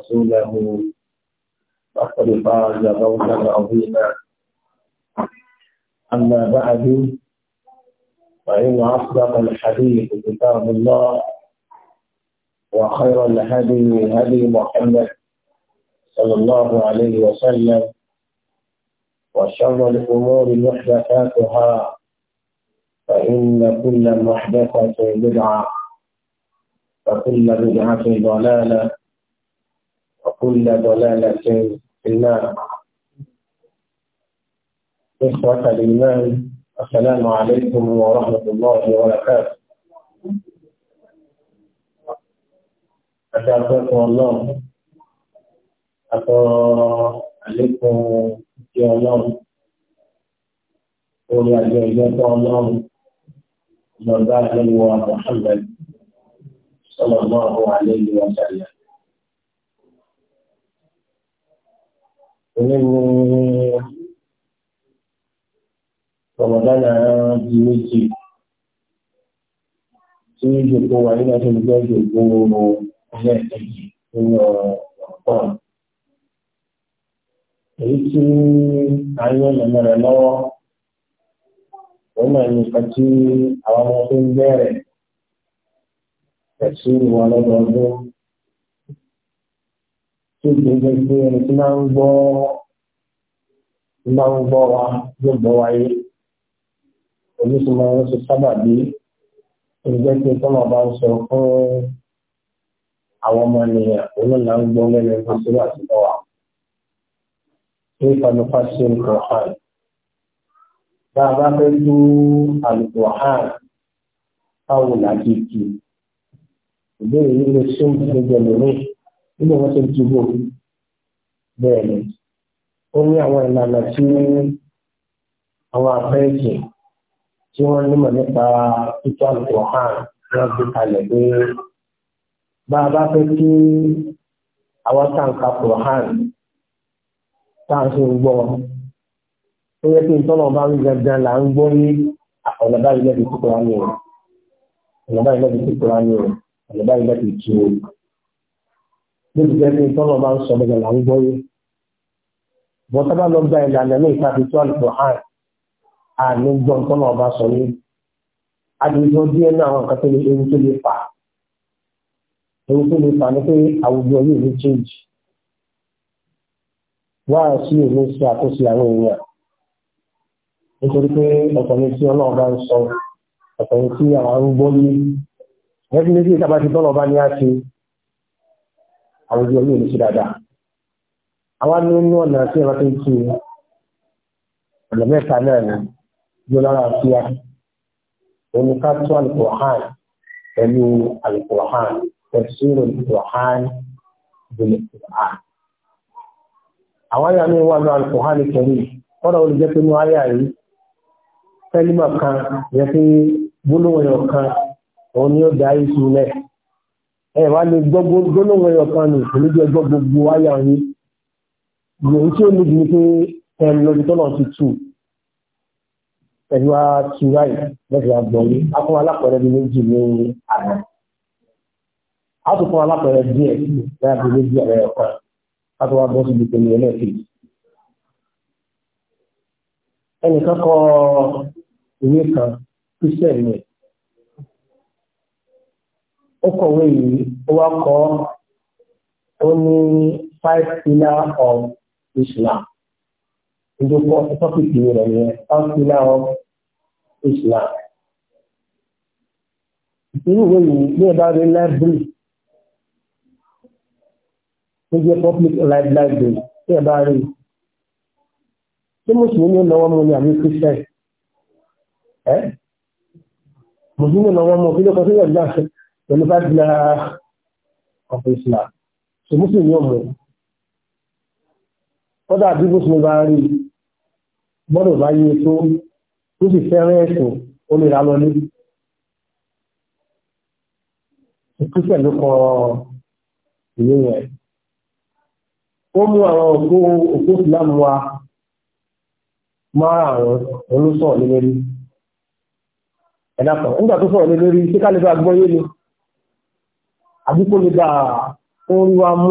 ورسوله فقد فاز فوزا عظيما أما بعد فإن أصدق الحديث كتاب الله وخير الهدي هدي محمد صلى الله عليه وسلم وشر الأمور محدثاتها فإن كل محدثة بدعة وكل بدعة ضلالة كل ضلالة في النار إخوة الإيمان السلام عليكم ورحمة الله وبركاته أتعرفكم الله أتعرف عليكم يا الله قولي أجل الله من بعد محمد صلى الله عليه وسلم òní ní rọmọdánà di méjì tí ìjòkó wà nígbà tó ń gbọ́ ìjòkó ẹlẹ́ẹ̀kejì nínú ọ̀pọ̀ èyí tí ayé ọ̀nà rẹ̀ lọ́wọ́ òun náà ní tí àwọn ọmọ ń bẹ̀rẹ̀ ẹ̀sìn ìwà lọ́dọọdún tí gbogbo ìpè ẹni tí máa ń gbọ́ máa ń gbọ́ wa yóò gbọ́ wáyé oníṣòwò àwọn oṣù sábàbí ìjẹ́ pé tọ́lọ̀ bá ń sọ fún àwọn ọmọ ènìyàn olóòlà ń gbọ́ lẹ́nu ẹgbẹ́ sílẹ̀ àti bọ́ wa. ní ìfọdúnfà sí ìkọ̀ọ̀hán bá a bá fẹ́ tú àlùkòhán báwo làá ti kì ìbéèrè yìí lè ṣe ń gbẹgbẹ lónìí nínú wọn ṣe dìbò bẹ́ẹ̀ ni ó ní àwọn ìlànà tí àwọn abẹ́ẹ̀kì tí wọ́n nímọ̀ nípa títí àlùkò hàn wọ́n gbé kalẹ̀ pé bá a bá fẹ́ kí àwọn táǹkà kò hàn táǹkì ń gbọ́ ó yẹ kí ìtọ́nà bá ń gangan là ń gbọ́ ní ọ̀nà báyìí lẹ́bi kíkura ní o ọ̀nà báyìí lẹ́bi kíkura ní o ọ̀nà báyìí lẹ́bi kí o níbi jẹ́ pé tọ́lọ̀ bá ń sọ gbogbo là ń gbọ́ yé bọ́n tábà lọ gba ìlànà ní ìpàdé tó àlùkò hàn àní gbọ́n tọ́lọ̀ bá sọ yé àdìjọ díẹ̀ náà àwọn kan tó lè ewu tó lè fà ewu tó lè fà ní pé àwùjọ yìí ní change wá sí èmi sí àtúnṣe àwọn èèyàn nítorí pé ọ̀pọ̀lọpọ̀ tí ọlọ́run bá ń sọ ọ̀pọ̀lọpọ̀ tí àwọn ń gbọ́ yé ẹgbẹ́ méjì tábà ti tọ́lọ̀ bá ní á ṣe àwùjọ ní ìlú sí dáadáa àwa ní inú ọ̀nà tí ẹ̀rọ tó ń tu ọ̀nà mẹ́ta náà ni yóò lára sí a òun ni ká tó alukur'an pẹ̀lú alukur'an tẹ̀síìrò alukur'an bìlẹ̀ alukur'an. àwọn àyà mi wà ní alukur'an kẹrì kọ́dọ̀ olùjẹ́ pé ní àyà yìí kẹ́límà kan yẹ pé gbólóhùn ẹ̀yọ̀ kan òun ni ó da ayé ẹ wá lè gbọ́gbó gbólóhùn ẹyọ kan ní ìpínlẹ̀ jẹ́ gbọ́ gbogbo ayà yín ìròyìn tí ó níbi ni pé ẹn lórí tọ́nà ti tù pẹ̀lú àtúráì lẹ́sẹ̀ àgbọ̀nyé a fún alápẹ̀rẹ̀ bíi méjì ní àná a tún fún alápẹ̀rẹ̀ díẹ̀ láàbí méjì ẹ̀rẹ̀ ọ̀kan a tún wá bọ́ síbi pẹ̀lú ẹlẹ́ẹ̀kejì ẹnìkan kọ ìwé kan kristian ní ó kọ̀wé yìí ó wá kọ́ ó ní five pillar of Islam ìjọpọ̀ tọ́pìkì rẹ̀ yẹn five pillar of Islam irú ìwé yìí ní ẹ̀bá rí library tó jẹ́ public library ní ẹ̀bá rí tí mùsùlùmí ní ọlọ́wọ́ mú ní àmì christian ẹ́ mùsùlùmí ní ọlọ́wọ́ mú kí ló kọ sílẹ̀ gbà pẹ̀lú five naira of islam so muslim yóò mọ̀ kọ́dà bí muslim bá rí gbọ́dọ̀ bá yé tó tó sì fẹ́ràn o ó lè ra lọlé ìpínlẹ̀ ló kọ ìwé yẹn ó mú àwọn òkú òkú islam wa máa àwọn olóṣọ̀ lé lórí ẹ̀dá kan nígbà tó sọ̀rọ̀ lé lórí ṣé ká lè bá gbọ́ yé ni àbí kò lè bá orí wa mú